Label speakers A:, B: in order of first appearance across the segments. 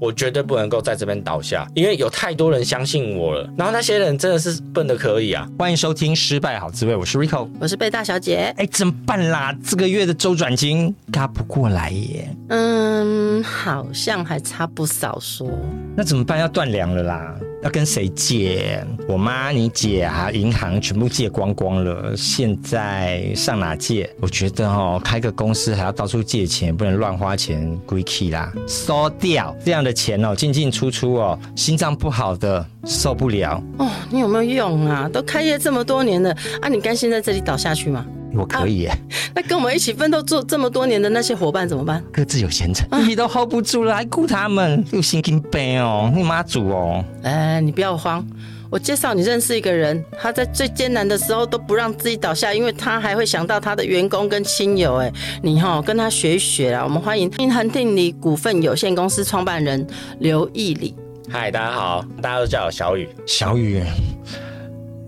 A: 我絕對不能夠在這邊倒下，因為有太多人相信我了。然後那些人真的是笨得可以啊！歡迎收聽《失敗好滋味》，我是 Rico，我是貝大小姐。哎，怎麼辦啦？這個
B: 月的週轉金軋不過來耶。嗯，好像還差不
A: 少說，說
B: 那怎麼辦？要斷糧了啦！要跟誰借？我媽、你姐啊，銀行全部借光光了。現在上哪借？我覺得哦、喔，開個公司還要到處借錢，不能亂花錢，歸期啦，燒掉這樣的錢哦、喔，進進出出哦、喔，心臟不好的受不了哦。你有沒有用啊？都開業這麼多年了啊，你甘心在這裡倒下去嗎？我可以耶、啊，那跟我們一起奮鬥做這麼多年的那些夥伴怎麼辦？各自有前程，啊、你都 hold 不住了，還顧他們，又心更背哦，你媽祖哦！哎，你不要慌，我介紹你認識一個人，他在最艱難的時候都不讓自己倒下，因為他還會想到他的員工跟親友。
A: 哎，你好、哦、跟他學一學啦。我們歡迎衡定理股份有限公司創辦人劉佾鱧。嗨，大家好，大家都叫我小雨，小雨。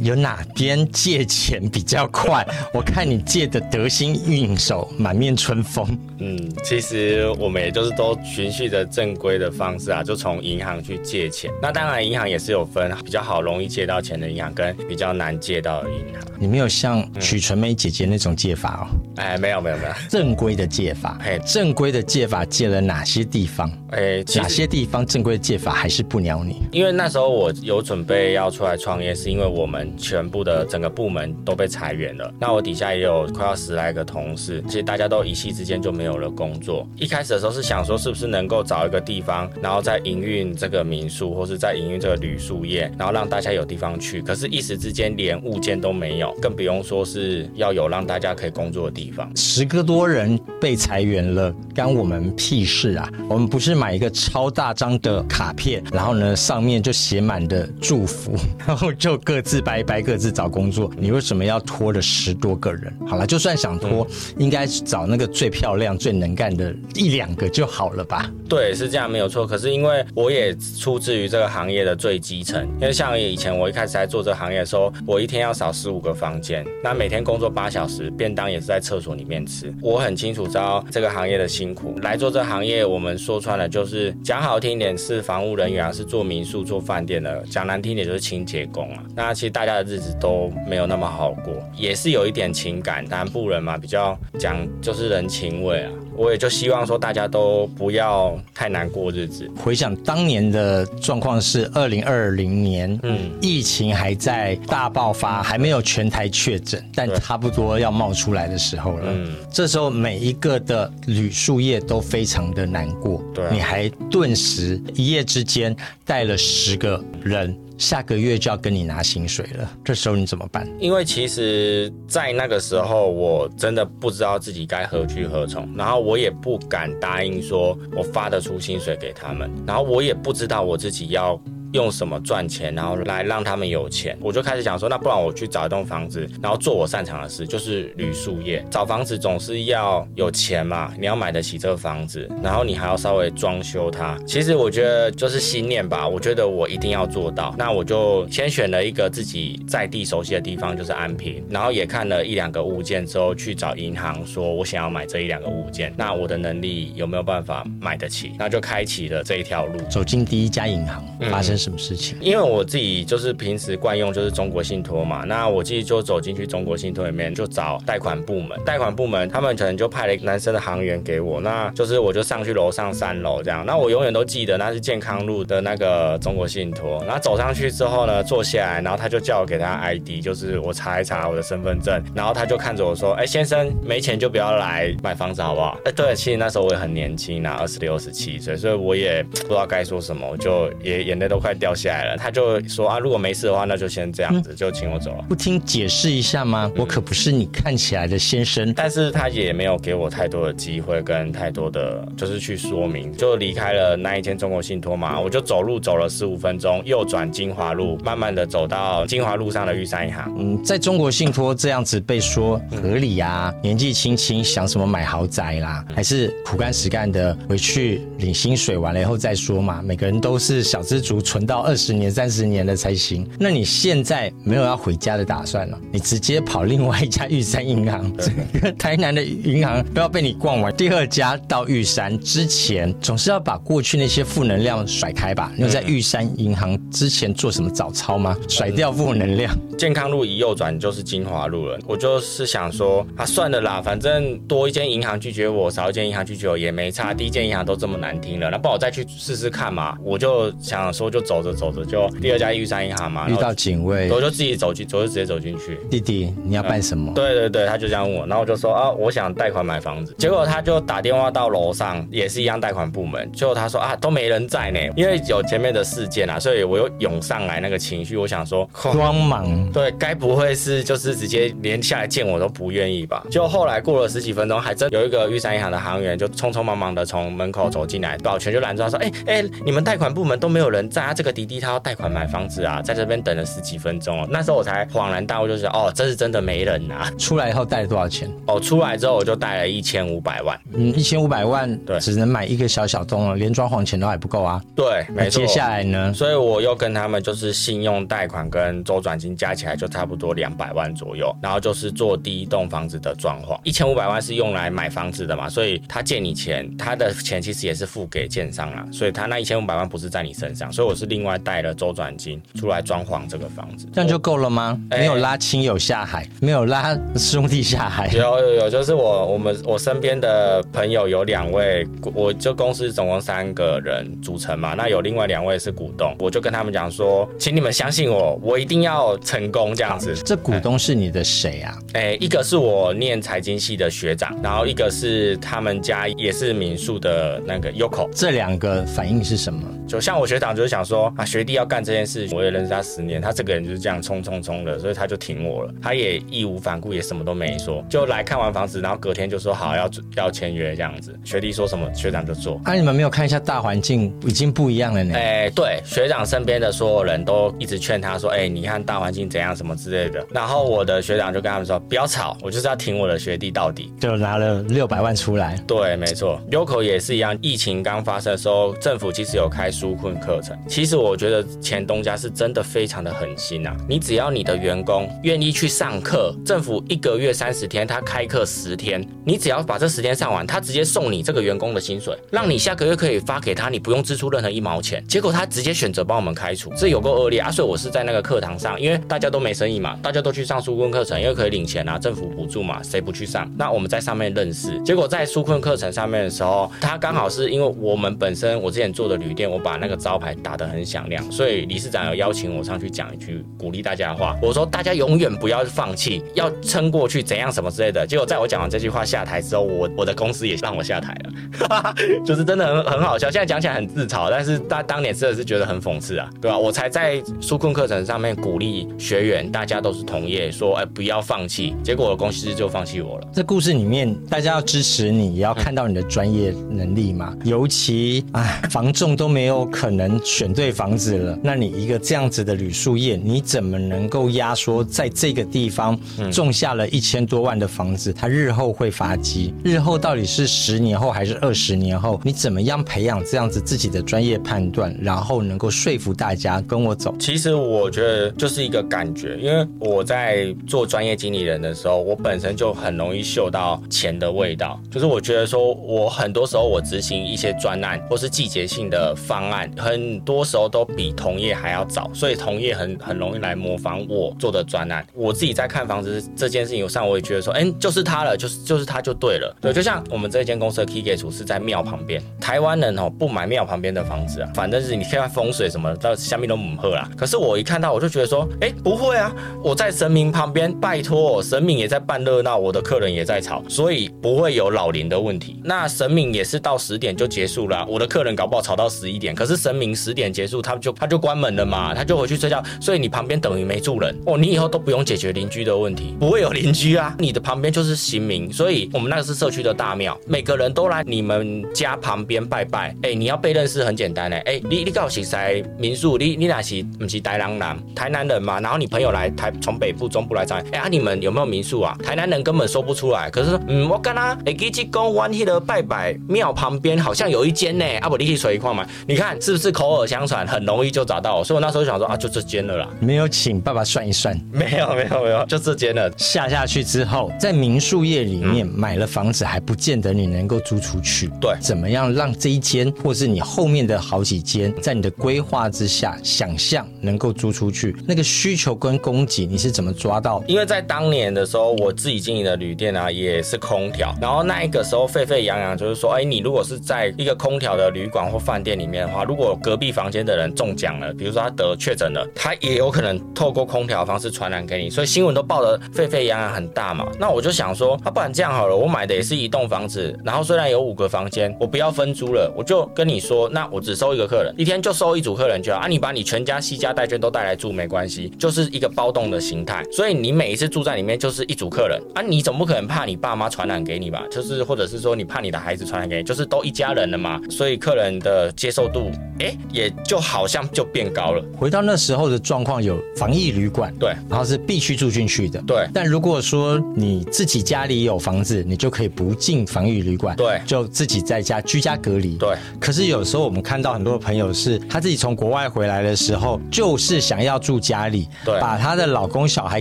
B: 有哪邊借錢比較快？ 我看你借的得心應手，滿面春風。嗯，
A: 其實我們也就是都循序的正規的方式啊，就從銀行去借錢。那當然，銀行也是有分比較好容易借到錢的銀行，跟比較難借到的銀行。
B: 你沒有像許純美姐姐那種借法哦？
A: 哎、嗯欸，沒有沒有
B: 沒有，正規的借法。哎，正規的借法借了哪些地方？
A: 欸、哪些
B: 地方正規借法還是不鳥你？
A: 因為那時候我有準備要出來創業，是因為我們全部的整個部門都被裁員了。那我底下也有快要十來個同事，其實大家都一夕之間就沒有了工作。一開始的時候是想說，是不是能夠找一個地方，然後再營運這個民宿，或是在營運這個旅宿業，然後讓大家有地方去。可是，一時之間連物件都沒有，更不用說是要有讓大家可以工作的地方。
B: 十個多人被裁員了，干我們屁事啊！我們不是。買一個超大張的卡片，然後呢，上面就寫滿的祝福，然後就各自拜拜，各自找工作。你為什麼要拖了十多個人？好了，就算想拖，嗯，應該找那個最漂亮、最能幹的一兩個就好了吧？
A: 對，是這樣，沒有錯。可是因為我也出自於這個行業的最基層，因為像以前我一開始在做這個行業的時候，我一天要掃十五個房間，那每天工作八小時，便當也是在廁所裡面吃。我很清楚知道這個行業的辛苦。來做這個行業，我們說穿了。就是講好聽點是房務人員啊，是做民宿、做飯店的；講難聽點就是清潔工啊。那其實大家的日子都沒有那麼好過，也是有一點情感。南部人嘛，比較講就是人情味啊。我也就希望說大家都不要太難過日子。
B: 回想當年的狀況是二零二零年，嗯，疫情還在大爆發，還沒有全台確診，但差不多要冒出來的時候了。嗯，這時候每一個的旅宿業都非常的難過。嗯、對、啊。你還頓時一夜之間帶了十個人，下個月就要跟你拿薪水了。這時候你怎麼辦？
A: 因為其實，在那個時候，我真的不知道自己該何去何從，然後我也不敢答應說，我發得出薪水給他們，然後我也不知道我自己要，用什麼賺錢，然後來讓他們有錢。我就開始想說，那不然我去找一棟房子，然後做我擅長的事，就是旅宿業。找房子總是要有錢嘛，你要買得起這個房子，然後你還要稍微裝修它。其實我覺得就是信念吧，我覺得我一定要做到。那我就先選了一個自己在地熟悉的地方，就是安平，然後也看了一兩個物件之後，去找銀行說，我想要買這一兩個物件，那我的能力有沒有辦法買得起？那就開啟了這一條路，
B: 走進第一家銀行，嗯、發生。什麼事情？
A: 因為我自己就是平時慣用就是中國信托嘛，那我自己就走進去中國信托裡面，就找貸款部門。貸款部門他們可能就派了一個男生的行員給我，那就是我就上去樓上三樓這樣。那我永遠都記得那是健康路的那個中國信托。那走上去之後呢，坐下來，然後他就叫我給他 ID，就是我查一查我的身份證。然後他就看着我說：“哎，先生沒錢就不要來買房子好不好？”哎，對，其實那時候我也很年輕啊，二十六、二十七歲，所以我也不知道該說什麼，我就也眼淚都快。快掉下來了，他就說啊，如果沒事的話，那就先這樣子，嗯、就請我走
B: 了。不聽解釋一下嗎？嗯、我可不是你看起來的先生。
A: 但是他也沒有給我太多的機會跟太多的就是去說明，就離開了那一間中國信托嘛，嗯、我就走路走了十五分鐘，右轉金華路，嗯、慢慢的走到金華路上的玉山銀行。嗯，
B: 在中國信托這樣子被說合理啊，嗯、年紀輕輕想什麼買豪宅啦，嗯、還是苦幹實幹的回去領薪水，完了以後再說嘛。每個人都是小資族存。存到二十年、三十年了才行。那你現在沒有要回家的打算了？你直接跑另外一家玉山銀行，整個台南的銀行都要被你逛完。第二家到玉山之前，總是要把過去那些負能量甩開吧？你有在玉山銀行之前做什麼早操嗎？甩掉負能量、嗯
A: 嗯。健康路一右轉就是金華路了。我就是想說，啊，算了啦，反正多一間銀行拒絕我，少一間銀行拒絕我也沒差。第一間銀行都這麼難聽了，那不然我再去試試看嘛？我就想說，就。走着走着就第二家玉山銀行嘛，然後遇到
B: 警衛，我就
A: 自己走進，走就直接走進去。弟弟，你要辦什麼、嗯？對對對，他就這樣問我，然後我就說啊，我想貸款買房子。結果他就打電話到樓上，也是一樣貸款部門。結果他說啊，都沒人在呢，因為有前面的事件啊，所以我又湧上來那個情緒，我想說慌忙，光芒。對，該不會是就是直接連下來見我都不願意吧？就後來過了十幾分鐘，還真有一個玉山銀行的行員就匆匆忙忙的從門口走進來，保全就攔住他說，哎、欸、哎、欸，你們貸款部門都沒有人在啊？這個弟弟他要貸款買房子啊，在這邊等了十幾分鐘哦。那時候我才恍然大悟，就是哦，這是真的沒人吶。出來以後貸了多少錢？哦，出來之後我就貸了一千五百萬。
B: 嗯，一千五百萬，對，只能買一個小小棟了，對連裝潢錢都還不夠啊。
A: 對，啊、沒錯。接下來呢？所以我又跟他們就是信用貸款跟周轉金加起來就差不多兩百萬左右，然後就是做第一棟房子的裝潢。一千五百萬是用來買房子的嘛，所以他借你錢，他的錢其實也是付給建商啊，所以他那一千五百萬不是在你身上，所以我是。另外帶了周轉金出來裝潢這個房子，
B: 這樣就夠了嗎？欸、沒有拉親友下海，沒有拉兄弟下海。
A: 有有有，就是我我們我身邊的朋友有兩位，我就公司總共三個人組成嘛。那有另外兩位是股東，我就跟他們講說，請你們相信我，我一定要成功這樣子。
B: 這股東是你的誰啊？哎、
A: 欸，一個是我念財經系的學長，然後一個是他們家也是民宿的那個 Yoko。
B: 這兩個反應是什麼？
A: 就像我學長就是想說。啊，學弟要幹這件事，我也認識他十年，他這個人就是這樣衝衝衝的，所以他就挺我了。他也義無反顧，也什麼都沒說，就來看完房子，然後隔天就說好要要簽約這樣子。學弟說什麼，學長就做。
B: 哎、啊，你們沒有看一下大環境已經不一樣了呢？哎、
A: 欸，對，學長身邊的所有人都一直勸他說，哎、欸，你看大環境怎樣什麼之類的。然後我的學長就跟他們說，不要吵，我就是要挺我的學弟到底，
B: 就拿了六百萬出來。
A: 對，沒錯，Yoko 也是一樣，疫情剛發生的時候，政府其實有開紓困課程，其實。其實我覺得前東家是真的非常的狠心啊！你只要你的員工願意去上課，政府一個月三十天，他開課十天，你只要把這十天上完，他直接送你這個員工的薪水，讓你下個月可以發給他，你不用支出任何一毛錢。結果他直接選擇幫我們開除，這有夠惡劣啊！所以我是在那個課堂上，因為大家都沒生意嘛，大家都去上紓困課程，因為可以領錢啊，政府補助嘛，誰不去上？那我們在上面認識，結果在紓困課程上面的時候，他剛好是因為我們本身我之前做的旅店，我把那個招牌打的，很響亮，所以理事長有邀請我上去講一句鼓勵大家的話。我說大家永遠不要放棄，要撐過去，怎樣什麼之類的。結果在我講完這句話下台之後，我我的公司也讓我下台了，哈哈，就是真的很很好笑。現在講起來很自嘲，但是當當年真的是覺得很諷刺啊，對吧、啊？我才在紓困課程上面鼓勵學員，大家都是同業，說哎不要放棄，結果我的公司就放棄我
B: 了。這故事裡面，大家要支持你，也要看到你的專業能力嘛。嗯、尤其啊，房仲都沒有可能選，對房子了，那你一個這樣子的旅宿業，你怎麼能夠壓縮在這個地方種下了一千多萬的房子？它日後會發跡，日後到底是十年後還是二十年後？你怎麼樣培養這樣子自己的專業判斷，然後能夠說服大家跟我走？
A: 其實我覺得就是一個感覺，因為我在做專業經理人的時候，我本身就很容易嗅到錢的味道。就是我覺得說，我很多時候我執行一些專案或是季節性的方案，很多。時候都比同業還要早，所以同業很很容易來模仿我做的專欄。我自己在看房子這件事情上，我也覺得說，哎、欸，就是他了，就是就是他就對了。對，就像我們這間公司的 K g a u 是在廟旁邊，台灣人哦、喔、不買廟旁邊的房子啊，反正是你看看風水什麼的，到下面都母喝啦。可是我一看到我就覺得說，哎、欸，不會啊，我在神明旁邊，拜託，神明也在辦熱鬧，我的客人也在吵，所以不會有擾鄰的問題。那神明也是到十點就結束了，啊，我的客人搞不好吵到十一點，可是神明十點。結束，他就他就關門了嘛，他就回去睡覺，所以你旁邊等於沒住人哦，你以後都不用解決鄰居的問題，不會有鄰居啊，你的旁邊就是新民，所以我們那個是社區的大廟，每個人都來你們家旁邊拜拜，哎、欸，你要被認識很簡單呢、欸。哎、欸，你你搞行啥民宿，你你哪是不是台南人？台南人嘛，然後你朋友來台從北部中部來找，哎、欸，啊、你們有沒有民宿啊？台南人根本說不出來，可是嗯，我跟他哎，去去公灣去的拜拜廟旁邊好像有一間呢、欸，啊，不，你去水一逛嘛，你看是不是口耳相？很容易就找到，所以我那時候就想說啊，就這間了啦。
B: 沒有請爸爸算一算，
A: 沒有沒有沒有，就這間了。下下去之後，
B: 在民宿業裡面、嗯、買了房子還不見得你能夠租出去。對，怎麼樣讓這一間或是你後面的好幾間，在你的規劃之下，想象能夠租出去？那個需求跟供給你是怎麼
A: 抓到？因為在當年的時候，我自己經營的旅店啊，也是空調。然後那一個時候沸沸揚揚，就是說，哎、欸，你如果是在一個空調的旅館或飯店裡面的話，如果隔壁房間的人中獎了，比如說他得確診了，他也有可能透過空調方式傳染給你，所以新聞都報得沸沸揚揚很大嘛。那我就想說，啊，不然這樣好了，我買的也是一棟房子，然後雖然有五個房間，我不要分租了，我就跟你說，那我只收一個客人，一天就收一組客人就好。啊，你把你全家、攜家帶眷都帶來住沒關係，就是一個包棟的形態。所以你每一次住在裡面就是一組客人啊，你總不可能怕你爸媽傳染給你吧？就是或者是說你怕你的孩子傳染給你，就是都一家人了嘛。所以客人的接受度，哎、欸，也。就好像就變高了。
B: 回到那時候的狀況，有防疫旅館，對，然後是必須住進去的，對。但如果說你自己家裡有房子，你就可以不進防疫旅館，對，就自己在家居家隔離，對。可是有時候我們看到很多朋友是，他自己從國外回來的時候，就是想要住家裡，對，把他的老公小孩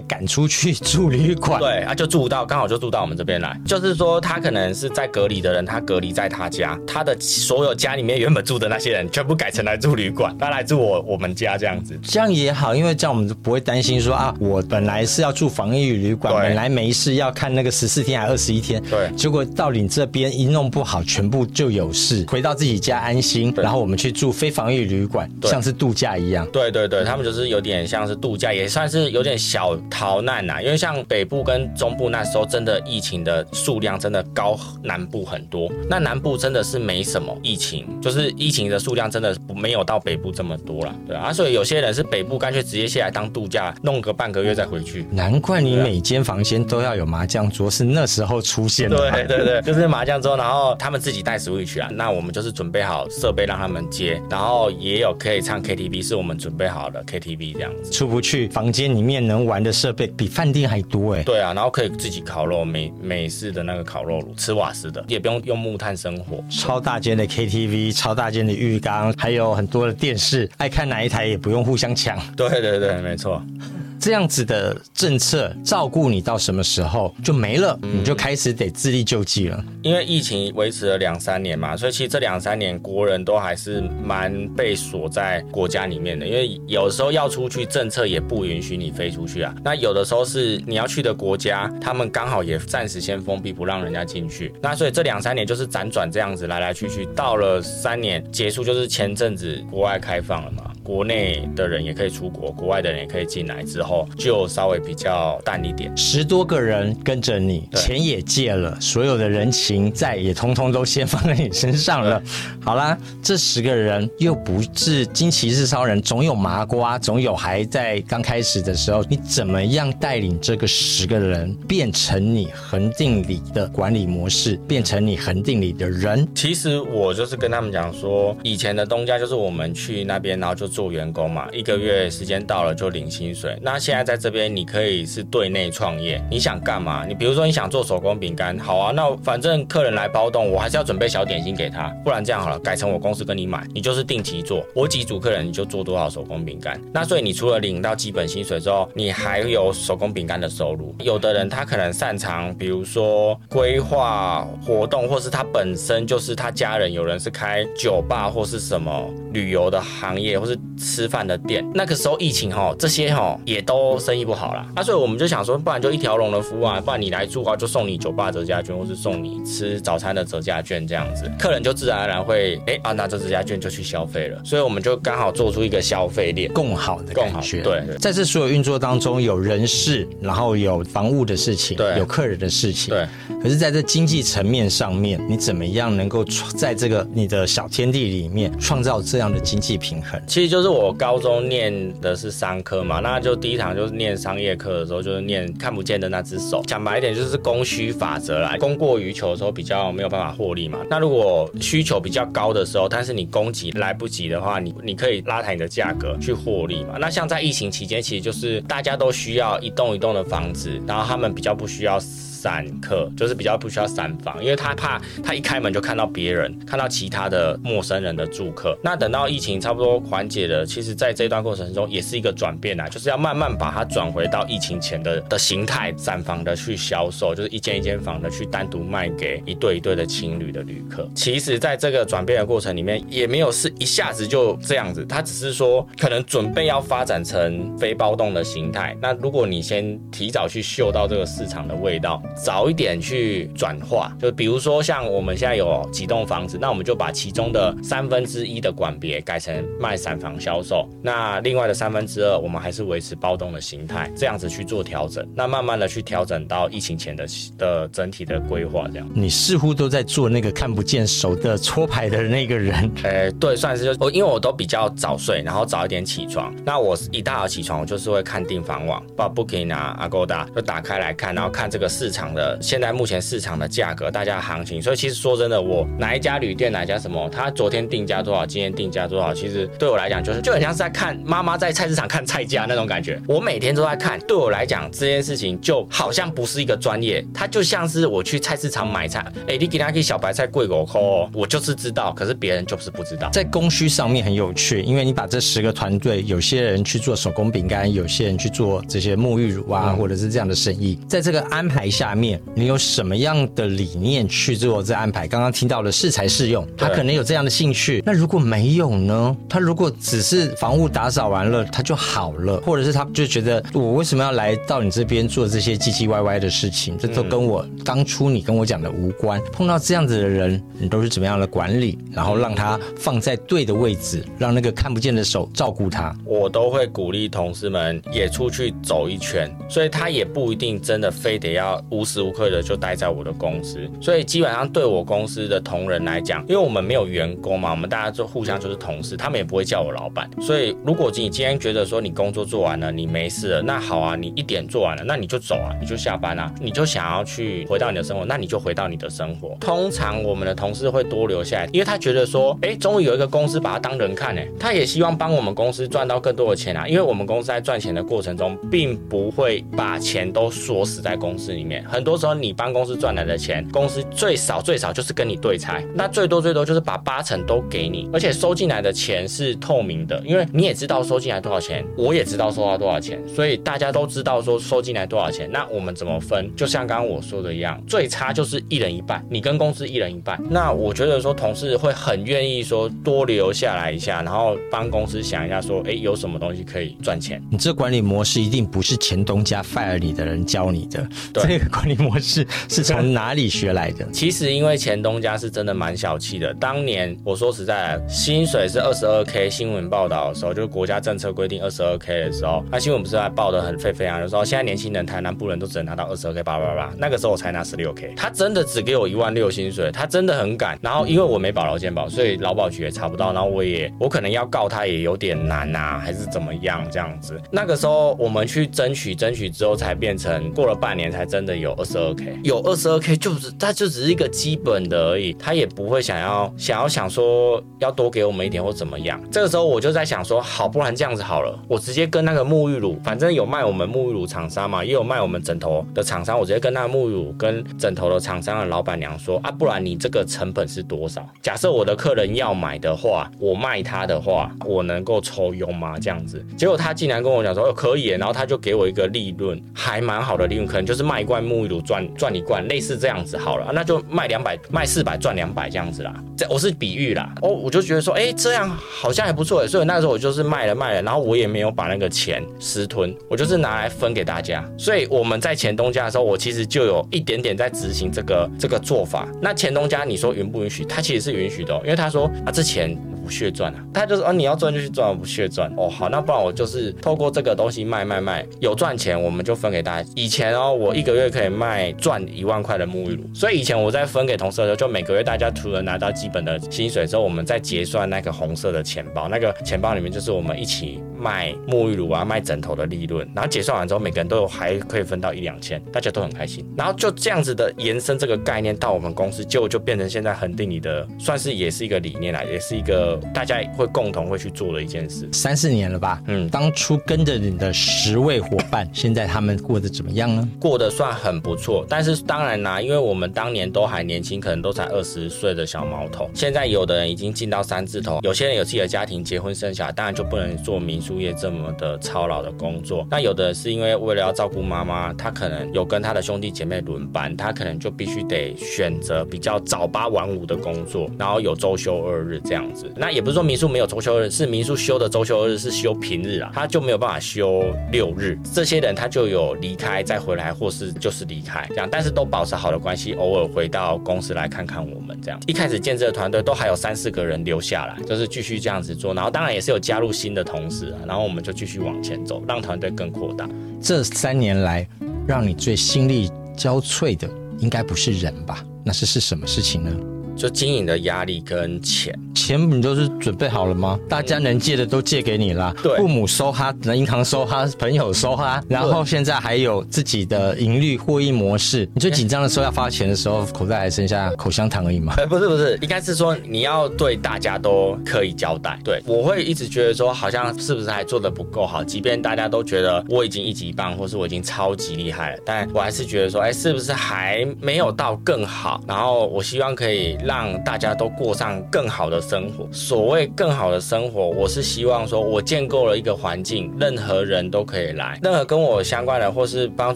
A: 趕出去住旅館，對，啊就住到剛好就住到我們這邊來，就是說他可能是在隔離的人，他隔離在他家，他的所有家裡面原本住的那些人，全部改成來住旅館。他來住我我們家這樣子，
B: 這樣也好，因為這樣我們就不會擔心說啊，我本來是要住防疫旅館，對本來沒事要看那個十四天還二十一天，對，結果到你這邊一弄不好，全部就有事。回到自己家安心，對然後我們去住非防疫旅館，對像是度假一樣。
A: 對對對，他們就是有點像是度假，也算是有點小逃難吶、啊，因為像北部跟中部那時候真的疫情的數量真的高，南部很多，那南部真的是沒什麼疫情，就是疫情的數量真的沒有到北部這麼多了，對啊，所以有些人是北部乾脆直接下來當度假，弄個半個月再回去。
B: 難怪你每間房間都要有麻將桌，是那時候出現的對？對對
A: 對，就是麻將桌，然後他們自己帶 switch 啊，那我們就是準備好設備讓他們接，然後也有可以唱 KTV，是我們準備好的 KTV 這樣
B: 子。出不去，房間裡面能玩的設備比飯店還多哎、欸。
A: 對啊，然後可以自己烤肉，美美式的那個烤肉爐，吃瓦斯的，也不用用木炭生火。
B: 超大間的 KTV，超大間的浴缸，還有很多。電視愛看哪一台也不用互相搶，對對對，沒錯。 這樣子的政策照顧你到什麼時候就沒了，你就開始得自力救濟了。嗯，
A: 因為疫情維持了兩三年嘛，所以其實這兩三年國人都還是蠻被鎖在國家裡面的。因為有時候要出去，政策也不允許你飛出去啊。那有的時候是你要去的國家，他們剛好也暫時先封閉，不讓人家進去。那所以這兩三年就是輾轉這樣子來來去去。到了三年結束，就是前陣子國外開放了嘛。國內的人也可以出國，國外的人也可以進來，之後就稍微比較淡一點。
B: 十多個人跟着你，錢對也借了，所有的人情債也通通都先放在你身上了。對好啦，這十個人又不是驚奇四超人，總有麻瓜，總有還在剛開始的時候，你怎麼樣帶領這個十個人變成你衡定理的管理模式，變成你衡定理的人？
A: 其實我就是跟他們講說，以前的東家就是我們去那邊，然後就。做員工嘛，一個月時間到了就領薪水。那現在在這邊，你可以是對內創業，你想幹嘛？你比如說你想做手工餅乾，好啊，那反正客人來包棟，我還是要準備小點心給他。不然這樣好了，改成我公司跟你買，你就是定期做，我幾組客人你就做多少手工餅乾。那所以你除了領到基本薪水之後，你還有手工餅乾的收入。有的人他可能擅長，比如說規劃活動，或是他本身就是他家人，有人是開酒吧或是什麼旅遊的行業，或是。吃飯的店，那個時候疫情哈、哦，這些哈、哦、也都生意不好了啊，所以我們就想說，不然就一條龍的服務啊，不然你來住的、啊、話就送你酒吧折價券，或是送你吃早餐的折價券這樣子，客人就自然而然會哎啊拿這折價券就去消費了，所以我們就剛好做出一個消費鏈。更好的，更好。對，對對，
B: 在這所有運作當中，有人事，然後有房務的事情，對有客人的事情，對。可是在這經濟層面上面，你怎麼樣能夠創，在這個你的小天地裡面創造這樣的經濟平
A: 衡？其實就。就是我高中念的是商科嘛，那就第一堂就是念商業課的時候，就是念看不見的那只手。講白一點，就是供需法則啦。供過於求的時候比較沒有辦法獲利嘛。那如果需求比較高的時候，但是你供給來不及的話，你你可以拉抬你的價格去獲利嘛。那像在疫情期間，其實就是大家都需要一棟一棟的房子，然後他們比較不需要。散客就是比較不需要散房，因為他怕他一開門就看到別人，看到其他的陌生人的住客。那等到疫情差不多緩解了，其實在這段過程中也是一個轉變吶、啊，就是要慢慢把它轉回到疫情前的的形態，散房的去銷售，就是一間一間房的去單獨賣給一對一對的情侶的旅客。其實，在這個轉變的過程裡面，也沒有是一下子就這樣子，他只是說可能準備要發展成非包棟的形態。那如果你先提早去嗅到這個市場的味道。早一點去轉化，就比如說像我們現在有幾棟房子，那我們就把其中的三分之一的管別改成賣散房銷售，那另外的三分之二我們還是維持包棟的形態，這樣子去做調整，那慢慢的去調整到疫情前的的整體的規劃這樣。
B: 你似乎都在做那個看不見手的搓牌的那個人。
A: 哎，對，算是我，因為我都比較早睡，然後早一點起床，那我一大早起床我就是會看訂房網，把 Booking 啊、Agoda 就打開來看，然後看這個市場，場的現在目前市場的價格，大家行情，所以其實說真的，我哪一家旅店，哪一家什麼，他昨天定價多少，今天定價多少，其實對我來講就是，就很像是在看媽媽在菜市場看菜價那種感覺。我每天都在看，對我來講這件事情就好像不是一個專業，它就像是我去菜市場買菜，哎，你給哪給小白菜貴狗扣、哦，我就是知道，可是別人就是不知道。
B: 在供需上面很有趣，因為你把這十個團隊，有些人去做手工餅乾，有些人去做這些沐浴乳啊，嗯、或者是這樣的生意，在這個安排下。下面你有什麼樣的理念去做這安排？剛剛聽到了適才適用，對他可能有這樣的興趣。那如果沒有呢？他如果只是房屋打掃完了，他就好了，或者是他就覺得我為什麼要來到你這邊做這些唧唧歪歪的事情？這都跟我、嗯、當初你跟我講的無關。碰到這樣子的人，你都是怎麼樣的管理？然後讓他放在對的位置，嗯、讓那個看不見的手照顧他。
A: 我都會鼓勵同事們也出去走一圈，所以他也不一定真的非得要無時無刻的就待在我的公司，所以基本上對我公司的同仁來講，因為我們沒有員工嘛，我們大家就互相就是同事，他們也不會叫我老闆。所以如果你今天覺得說你工作做完了，你沒事了，那好啊，你一點做完了，那你就走啊，你就下班啊，你就想要去回到你的生活，那你就回到你的生活。通常我們的同事會多留下來，因為他覺得說，哎，終於有一個公司把他當人看，哎，他也希望幫我們公司賺到更多的錢啊，因為我們公司在賺錢的過程中，並不會把錢都鎖死在公司裡面。很多時候你幫公司賺來的錢，公司最少最少就是跟你對拆。那最多最多就是把八成都給你，而且收進來的錢是透明的，因為你也知道收進來多少錢，我也知道收到多少錢，所以大家都知道說收進來多少錢，那我們怎麼分？就像剛剛我說的一樣，最差就是一人一半，你跟公司一人一半。那我覺得說同事會很願意說多留下來一下，然後幫公司想一下說，誒，有什麼東西可以賺錢？
B: 你這管理模式一定不是前東家 fire 裡的人教你的，對。管理 模式是從哪裡學來的？
A: 其實因為前東家是真的蠻小氣的。當年我說實在的，薪水是二十二 k。新聞報道的時候，就是國家政策規定二十二 k 的時候，那新聞不是還報的很沸沸揚揚，就說現在年輕人，台南部人都只能拿到二十二 k 八八八。那個時候我才拿十六 k，他真的只給我一萬六薪水，他真的很敢，然後因為我沒保勞健保，所以勞保局也查不到。然後我也我可能要告他也有點難啊，還是怎麼樣這樣子。那個時候我們去爭取爭取之後，才變成過了半年才真的有。有二十二 k，有二十二 k 就是它，就只是一個基本的而已，他也不會想要想要想說要多給我們一點或怎麼樣。這個時候我就在想說，好，不然這樣子好了，我直接跟那個沐浴乳，反正有賣我們沐浴乳廠商嘛，也有賣我們枕頭的廠商，我直接跟那個沐浴乳跟枕頭的廠商的老闆娘說啊，不然你這個成本是多少？假設我的客人要買的話，我賣他的話，我能夠抽佣嗎？這樣子，結果他竟然跟我講說，哦，可以，然後他就給我一個利潤，還蠻好的利潤，可能就是賣一罐沐。沐浴乳賺賺一罐，類似這樣子好了，那就賣兩百，賣四百賺兩百這樣子啦。這我是比喻啦，哦，我就覺得說，哎、欸，這樣好像還不錯，所以那時候我就是賣了賣了，然後我也沒有把那個錢私吞，我就是拿來分給大家。所以我們在前東家的時候，我其實就有一點點在執行這個這個做法。那前東家，你說允不允許？他其實是允許的喔，因為他說啊，這錢。血賺啊！他就是哦、啊，你要賺就去賺，我不血賺哦。好，那不然我就是透過這個東西賣賣賣，有賺錢我們就分給大家。以前哦，我一個月可以賣賺一萬塊的沐浴乳，所以以前我在分給同事的時候，就每個月大家除了拿到基本的薪水之後，我們再結算那個紅色的錢包，那個錢包裡面就是我們一起。賣沐浴乳啊，賣枕頭的利潤，然後結算完之後，每個人都有，還可以分到一兩千，大家都很開心。然後就這樣子的延伸這個概念到我們公司，就就變成現在衡定理的，算是也是一個理念來，也是一個大家會共同會去做的一件事。
B: 三四年了吧？嗯，當初跟着你的十位夥伴，現在他們過得怎麼樣呢？
A: 過得算很不錯，但是當然啦、啊，因為我們當年都還年輕，可能都才二十歲的小毛頭。現在有的人已經進到三字頭，有些人有自己的家庭，結婚生小孩，當然就不能做民宿。輸液這麼的操勞的工作，那有的是因為為了要照顧媽媽，他可能有跟他的兄弟姐妹輪班，他可能就必須得選擇比較早八晚五的工作，然後有周休二日這樣子。那也不是說民宿沒有周休日，是民宿休的周休二日是休平日啊，他就沒有辦法休六日。這些人他就有離開再回來，或是就是離開這樣，但是都保持好的關係，偶爾回到公司來看看我們這樣。一開始建這個團隊都還有三四個人留下來，就是繼續這樣子做，然後當然也是有加入新的同事。然後我們就繼續往前走，讓團隊更擴大。
B: 這三年來，讓你最心力交瘁的，應該不是人吧？那是是什麼事情呢？就經營的壓力跟錢，錢你都是準備好了嗎？大家能借的都借給你啦。對、嗯，父母收哈，銀行收哈，收他朋友收哈，然後現在還有自己的盈利獲益模式。嗯、你最緊張的時候要發錢的時候，哎、口袋還剩下口香糖而已嗎？
A: 哎，不是不是，應該是說你要對大家都可以交代。對，我會一直覺得說好像是不是還做得不夠好，即便大家都覺得我已經一級棒，或是我已經超級厲害了，但我還是覺得說，哎，是不是還沒有到更好？然後我希望可以。讓大家都過上更好的生活。所謂更好的生活，我是希望說，我建構了一個環境，任何人都可以來，任何跟我相關的，或是幫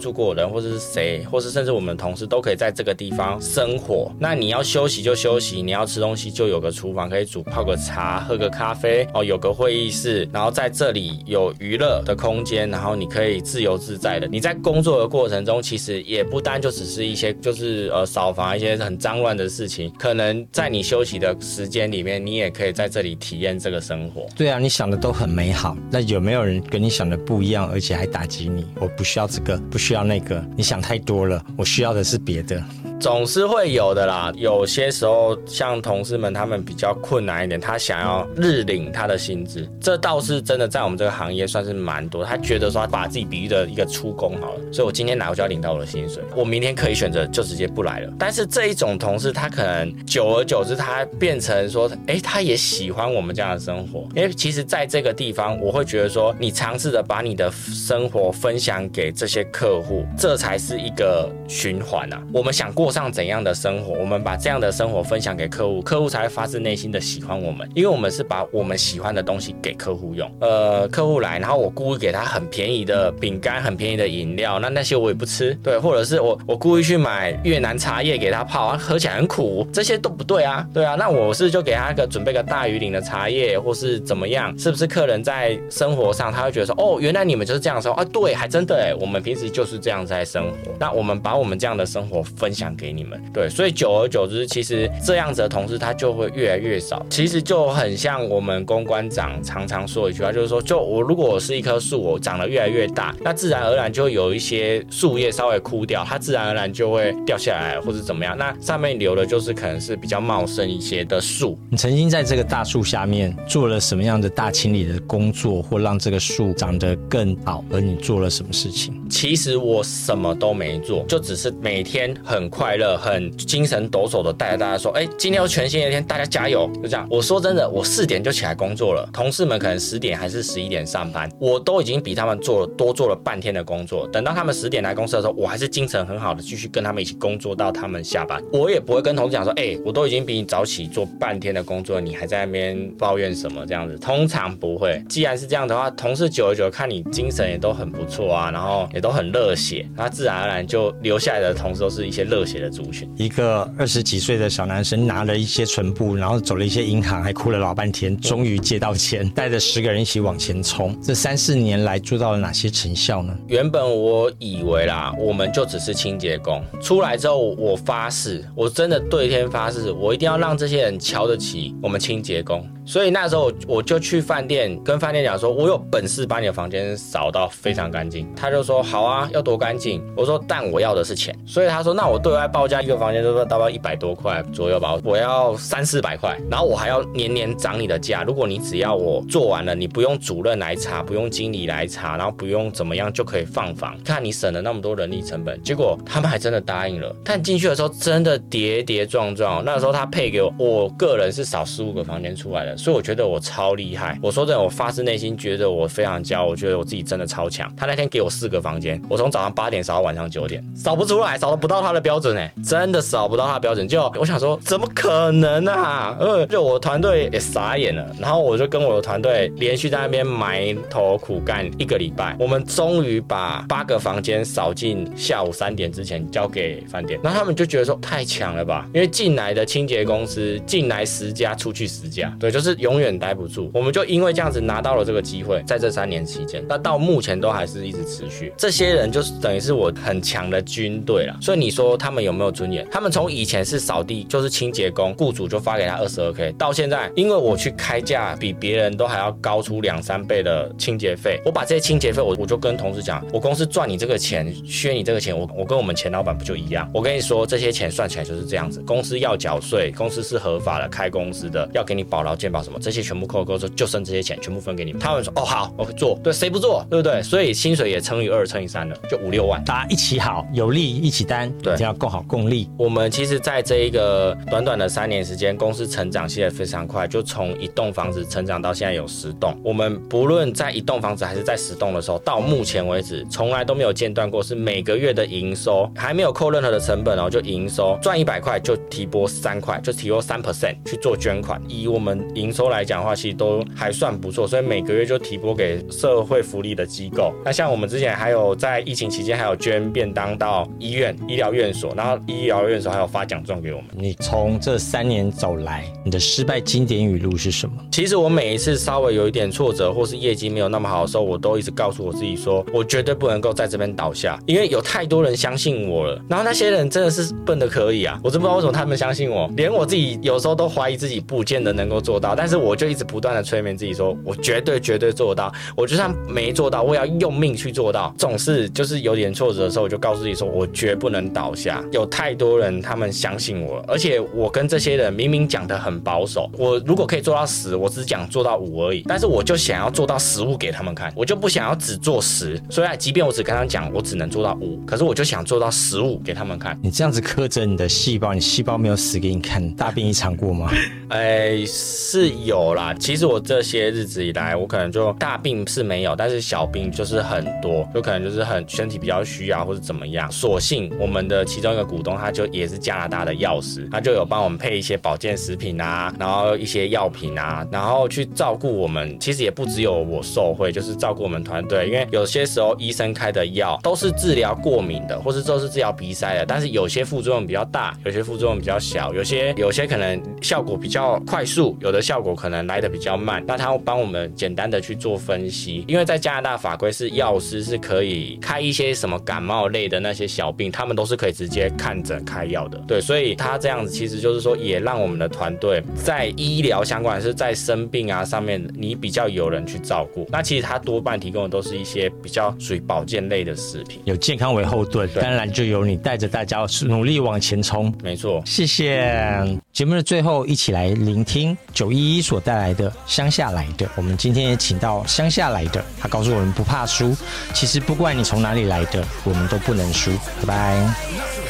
A: 助過我的人，或是誰，或是甚至我們同事都可以在這個地方生活。那你要休息就休息，你要吃東西就有個廚房可以煮，泡個茶，喝個咖啡哦，有個會議室，然後在這裡有娛樂的空間，然後你可以自由自在的。你在工作的過程中，其實也不單就只是一些，就是呃掃房一些很髒亂的事情，可能。在你休息的時間裡面，你也可以在這裡體驗這個生活。
B: 對啊，你想的都很美好。那有沒有人跟你想的不一樣，而且還打擊你？我不需要這個，不需要那個。你想太多了，我需要的是別的。
A: 總是會有的啦。有些時候，像同事們他們比較困難一點，他想要日領他的薪資，這倒是真的，在我們這個行業算是蠻多。他覺得說他把自己比喻的一個出工好了，所以我今天來我就要領到我的薪水，我明天可以選擇就直接不來了。但是這一種同事，他可能久而久之，他變成說，哎，他也喜歡我們這樣的生活，因為其實在這個地方，我會覺得說，你嘗試着把你的生活分享給這些客戶，這才是一個循環吶。我們想過。上怎樣的生活，我們把這樣的生活分享給客戶，客戶才會發自內心的喜歡我們，因為我們是把我們喜歡的東西給客戶用。呃，客戶來，然後我故意給他很便宜的餅乾，很便宜的飲料，那那些我也不吃，對，或者是我我故意去買越南茶葉給他泡，啊，喝起來很苦，這些都不對啊，對啊，那我是就給他一個準備個大禹嶺的茶葉，或是怎麼樣，是不是？客人在生活上他會覺得說，哦，原來你們就是這樣說啊，對，還真的哎，我們平時就是這樣在生活。那我們把我們這樣的生活分享。給你們，對，所以久而久之，其實這樣子的同事他就會越來越少。其實就很像我們公關長常常說一句話，就是說，就我如果我是一棵樹，我長得越來越大，那自然而然就有一些樹葉稍微枯掉，它自然而然就會掉下來或者怎麼樣。那上面留的就是可能是比較茂盛一些的樹。
B: 你曾經在這個大樹下面做了什麼樣的大清理的工作，或讓這個樹長得更好？而你做了什麼事情？
A: 其實我什麼都沒做，就只是每天很快。快樂很精神抖擻的帶着大家說，哎、欸，今天又全新的一天，大家加油！就這樣，我說真的，我四點就起來工作了，同事們可能十點還是十一點上班，我都已經比他們做了多做了半天的工作。等到他們十點來公司的時候，我還是精神很好的繼續跟他們一起工作到他們下班。我也不會跟同事講說，哎、欸，我都已經比你早起做半天的工作，你還在那邊抱怨什麼？這樣子通常不會。既然是這樣的話，同事久而久了看你精神也都很不錯啊，然後也都很熱血，那自然而然就留下來的同事都是一些熱血。的主
B: 一個二十幾歲的小男生拿了一些存簿，然後走了一些銀行，還哭了老半天，終於借到錢，帶着十個人一起往前衝。這三四年來做到了哪些成效呢？
A: 原本我以為啦，我們就只是清潔工。出來之後，我發誓，我真的對天發誓，我一定要讓這些人瞧得起我們清潔工。所以那時候，我我就去飯店跟飯店講說，我有本事把你的房間掃到非常乾淨。他就說好啊，要多乾淨？我說但我要的是錢。所以他說那我對。報價一個房間都是大概一百多塊左右吧，我要三四百塊，然後我還要年年漲你的價。如果你只要我做完了，你不用主任來查，不用經理來查，然後不用怎麼樣就可以放房，看你省了那麼多人力成本。結果他們還真的答應了。但進去的時候真的跌跌撞撞，那時候他配給我，我個人是掃十五個房間出來的，所以我覺得我超厲害。我說真的，我發自內心覺得我非常驕傲，我覺得我自己真的超強。他那天給我四個房間，我從早上八點掃到晚上九點，掃不出來，掃不到他的標準。真的掃不到他的標準，就我想說，怎麼可能啊？呃、嗯，就我團隊也傻眼了。然後我就跟我的團隊連續在那邊埋頭苦幹一個禮拜，我們終於把八個房間掃進下午三點之前交給飯店。然後他們就覺得說太強了吧，因為進來的清潔公司進來十家，出去十家，對，就是永遠待不住。我們就因為這樣子拿到了這個機會，在這三年期間，那到目前都還是一直持續。這些人就是等於是我很強的軍隊了，所以你說他們。有沒有尊嚴？他們從以前是掃地就是清潔工，僱主就發給他二十二 K。到現在，因為我去開價比別人都還要高出兩三倍的清潔費，我把這些清潔費，我我就跟同事講，我公司賺你這個錢，削你這個錢，我我跟我們前老闆不就一樣？我跟你說，這些錢算起來就是這樣子，公司要繳稅，公司是合法的，開公司的要給你保勞健保什麼，這些全部扣扣，就剩這些錢全部分給你們。他們說，哦好，我可以做，對，誰不做，對不對？所以薪水也乘以二，乘以三的，就五六萬，大家一起好，
B: 有利一起擔，對，一要夠。好共利，
A: 我們其實在這一個短短的三年時間，公司成長現在非常快，就從一棟房子成長到現在有十棟。我們不論在一棟房子還是在十棟的時候，到目前為止從來都沒有間斷過，是每個月的營收還沒有扣任何的成本哦、喔，就營收賺一百塊就提撥三塊，就提撥三 percent 去做捐款。以我們營收來講的話，其實都還算不錯，所以每個月就提撥給社會福利的機構。那像我們之前還有在疫情期間還有捐便當到醫院、醫療院所那。然後醫藥院的時候還有發獎狀給我們。你從這三
B: 年走來，你的失敗經典語錄是什麼？
A: 其實我每一次稍微有一點挫折，或是業績沒有那麼好的時候，我都一直告訴我自己說，我絕對不能夠在這邊倒下，因為有太多人相信我了。然後那些人真的是笨的可以啊，我真不知道為什麼他們相信我，連我自己有時候都懷疑自己不見得能夠做到，但是我就一直不斷的催眠自己說，我絕對絕對做到。我就算沒做到，我也要用命去做到。總是就是有點挫折的時候，我就告訴自己說，我絕不能倒下。有太多人，他們相信我，而且我跟這些人明明講得很保守。我如果可以做到十，我只講做到五而已，但是我就想要做到十五給他們看，我就不想要只做十。所以，即便我只跟他講，我只能做到五，可是我就想做到十五給他們看。
B: 你這樣子磕着你的細胞，你細胞沒有死給你看，大病一場過嗎？
A: 哎，是有啦。其實我這些日子以來，我可能就大病是沒有，但是小病就是很多，就可能就是很身體比較虛啊，或者怎麼樣。所幸我們的其中一個股東，他就也是加拿大的藥師，他就有幫我們配一些保健食品啊，然後一些藥品啊，然後去照顧我們。其實也不只有我受惠，就是照顧我們團隊。因為有些時候醫生開的藥都是治療過敏的，或是都是治療鼻塞的，但是有些副作用比較大，有些副作用比較小，有些有些可能效果比較要快速，有的效果可能來得比較慢，那他幫我們簡單的去做分析。因為在加拿大法規是藥師是可以開一些什麼感冒類的，那些小病他們都是可以直接看診開藥的。對，所以他這樣子其實就是說，也讓我們的團隊在醫療相關是在生病啊上面，你比較有人去照顧。那其實他多半提供的都是一些比較屬於保健類的食品，
B: 有健康為後盾，對當然就由你帶着大家努力往前衝。沒錯錯，謝謝。嗯、節目的最後一起來聆聽九一一所帶來的鄉下來的，我們今天也請到鄉下來的，他告訴我們不怕輸，其實不管你從哪裡來的，我們都不能輸。拜拜。